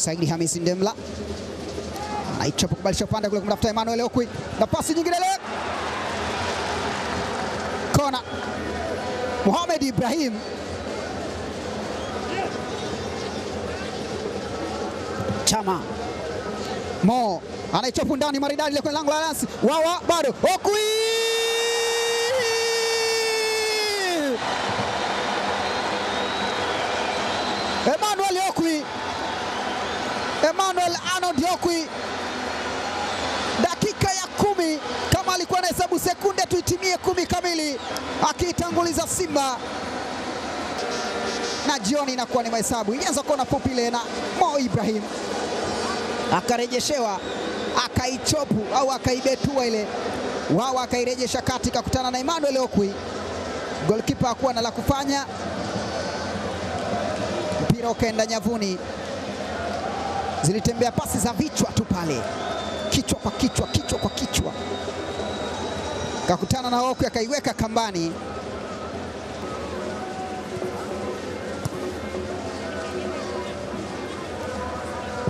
Saidi Hamisi Ndemla anaicha kukubalisha upande kule kumtafuta Emmanuel Okwi na pasi nyingine ile kona. Mohamed Ibrahim Chama Mo anaichopu ndani maridadi ile kwenye lango la Alliance. Wawa bado Okwi Emmanuel Arnold Okwi, dakika ya kumi kama alikuwa na hesabu sekunde tuitimie kumi kamili, akiitanguliza Simba na jioni inakuwa ni mahesabu. Ilianza kona fupi ile na Mo Ibrahim akarejeshewa akaichopu au akaibetua ile, wao akairejesha kati, kakutana na Emmanuel Okwi. goalkeeper hakuwa na la kufanya, mpira ukaenda nyavuni zilitembea pasi za vichwa tu pale, kichwa kwa kichwa, kichwa kwa kichwa, kakutana na Okwi akaiweka kambani.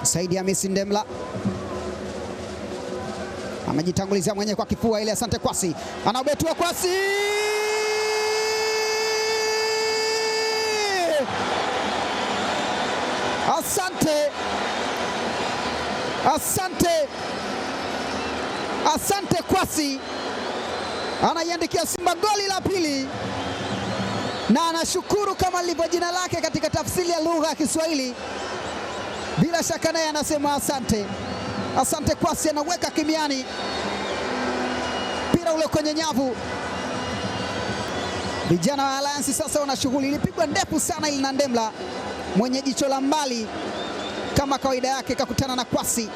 Saidi Hamisi Ndemla amejitangulizia mwenyewe kwa kifua ile. Asante Kwasi, anaobetua Kwasi asante Asante, asante Kwasi anaiandikia Simba goli la pili na anashukuru kama lilivyo jina lake katika tafsiri ya lugha ya Kiswahili. Bila shaka naye anasema asante, asante Kwasi, anaweka kimiani mpira ule kwenye nyavu. Vijana wa Alliance sasa wana shughuli, ilipigwa ndefu sana ili na Ndemla mwenye jicho la mbali kama kawaida yake, kakutana na kwasi,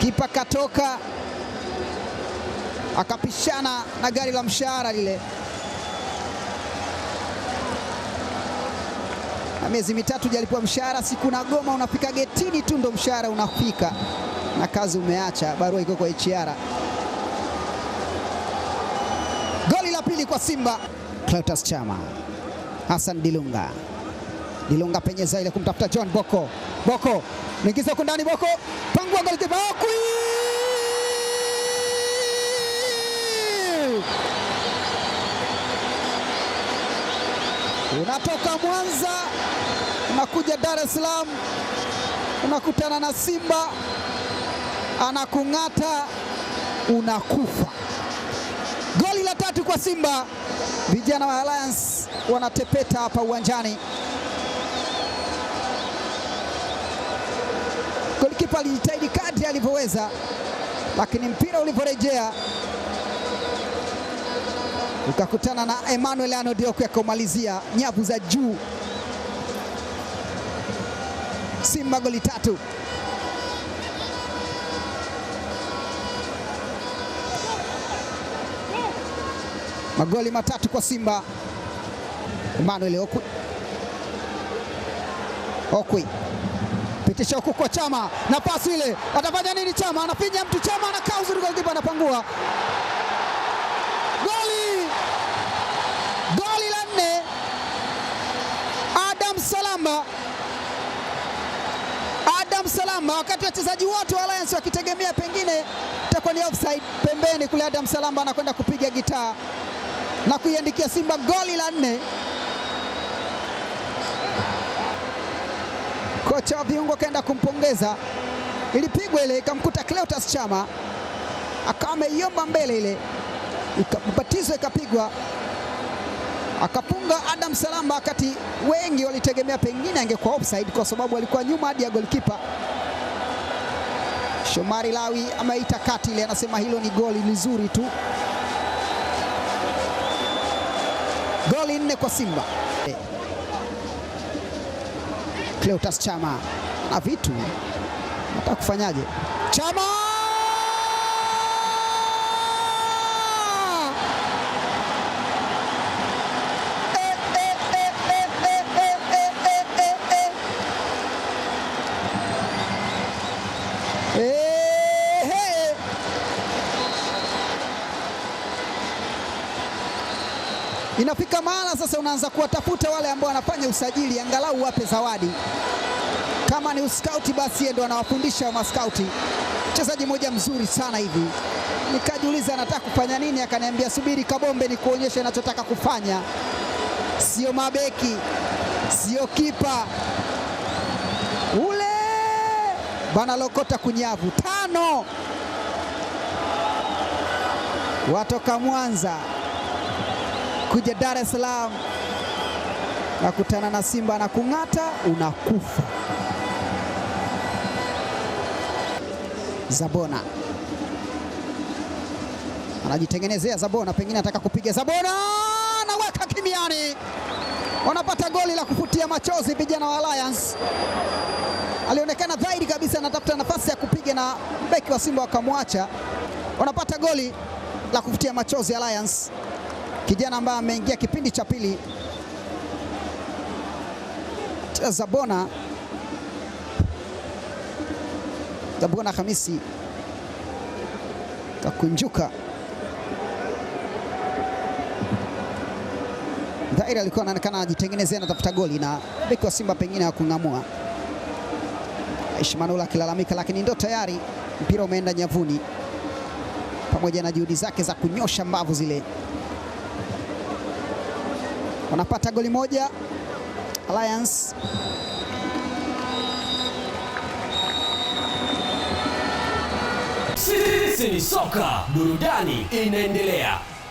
kipa katoka akapishana na gari la mshahara lile. Na miezi mitatu jalipua mshahara, siku na goma unafika getini tu ndo mshahara unafika, na kazi umeacha, barua iko kwa HR. Goli la pili kwa Simba, Clatous Chama, Hassan Dilunga. Dilonga penyeza ile kumtafuta John Boko. Boko naingiza huko ndani, Boko pangua golikipa unatoka Mwanza unakuja Dar es Salaam unakutana na Simba anakung'ata unakufa. Goli la tatu kwa Simba, vijana wa Alliance wanatepeta hapa uwanjani. kipa alijitahidi kadri alivyoweza, lakini mpira uliporejea ukakutana na Emmanuel Anodio kumalizia nyavu za juu. Simba goli tatu. Magoli matatu kwa Simba. Emmanuel Okwi. Okwi. Pitisha huku kwa Chama na pasi ile, atafanya nini Chama? Anapinya mtu Chama, anakaa uzuri, golikipa anapangua goli. Goli la nne, Adam Salamba. Adam Salamba, wakati wachezaji wote wa Alliance wakitegemea pengine itakuwa ni offside, pembeni kule Adam Salamba anakwenda kupiga gitaa na kuiandikia Simba goli la nne. kocha wa viungo kaenda kumpongeza, ilipigwa ile ikamkuta Cleotas Chama, akawa ameiomba mbele ile, ikabatizo ikapigwa, akapunga Adam Salamba, wakati wengi walitegemea pengine angekuwa offside kwa sababu alikuwa nyuma hadi ya golikipa. Shomari Lawi ameita kati ile, anasema hilo ni goli lizuri tu. Goli nne kwa Simba. Cleotas Chama na vitu nataka kufanyaje Chama Inafika mahala sasa unaanza kuwatafuta wale ambao wanafanya usajili, angalau wape zawadi. Kama ni uskauti, basi yeye ndo anawafundisha maskauti. Mchezaji mmoja mzuri sana hivi, nikajiuliza anataka kufanya nini, akaniambia subiri Kabombe ni kuonyesha anachotaka kufanya. Sio mabeki, sio kipa ule bana, lokota kunyavu tano, watoka Mwanza kuja Dar es Salaam nakutana na Simba na kung'ata, unakufa. Zabona anajitengenezea, Zabona pengine anataka kupiga, Zabona anaweka kimiani, wanapata goli la kufutia machozi vijana wa Alliance. Alionekana dhahiri kabisa anatafuta nafasi ya kupiga na beki wa Simba wakamwacha, wanapata goli la kufutia machozi Alliance kijana ambaye ameingia kipindi cha pili. Zabona Zabona Hamisi kakunjuka Dhairi alikuwa anaonekana ajitengenezea anatafuta goli na beki wa Simba pengine hakung'amua. Aishi Manula akilalamika, lakini ndo tayari mpira umeenda nyavuni, pamoja na juhudi zake za kunyosha mbavu zile wanapata goli moja Alliance. Sisi ni soka, burudani inaendelea.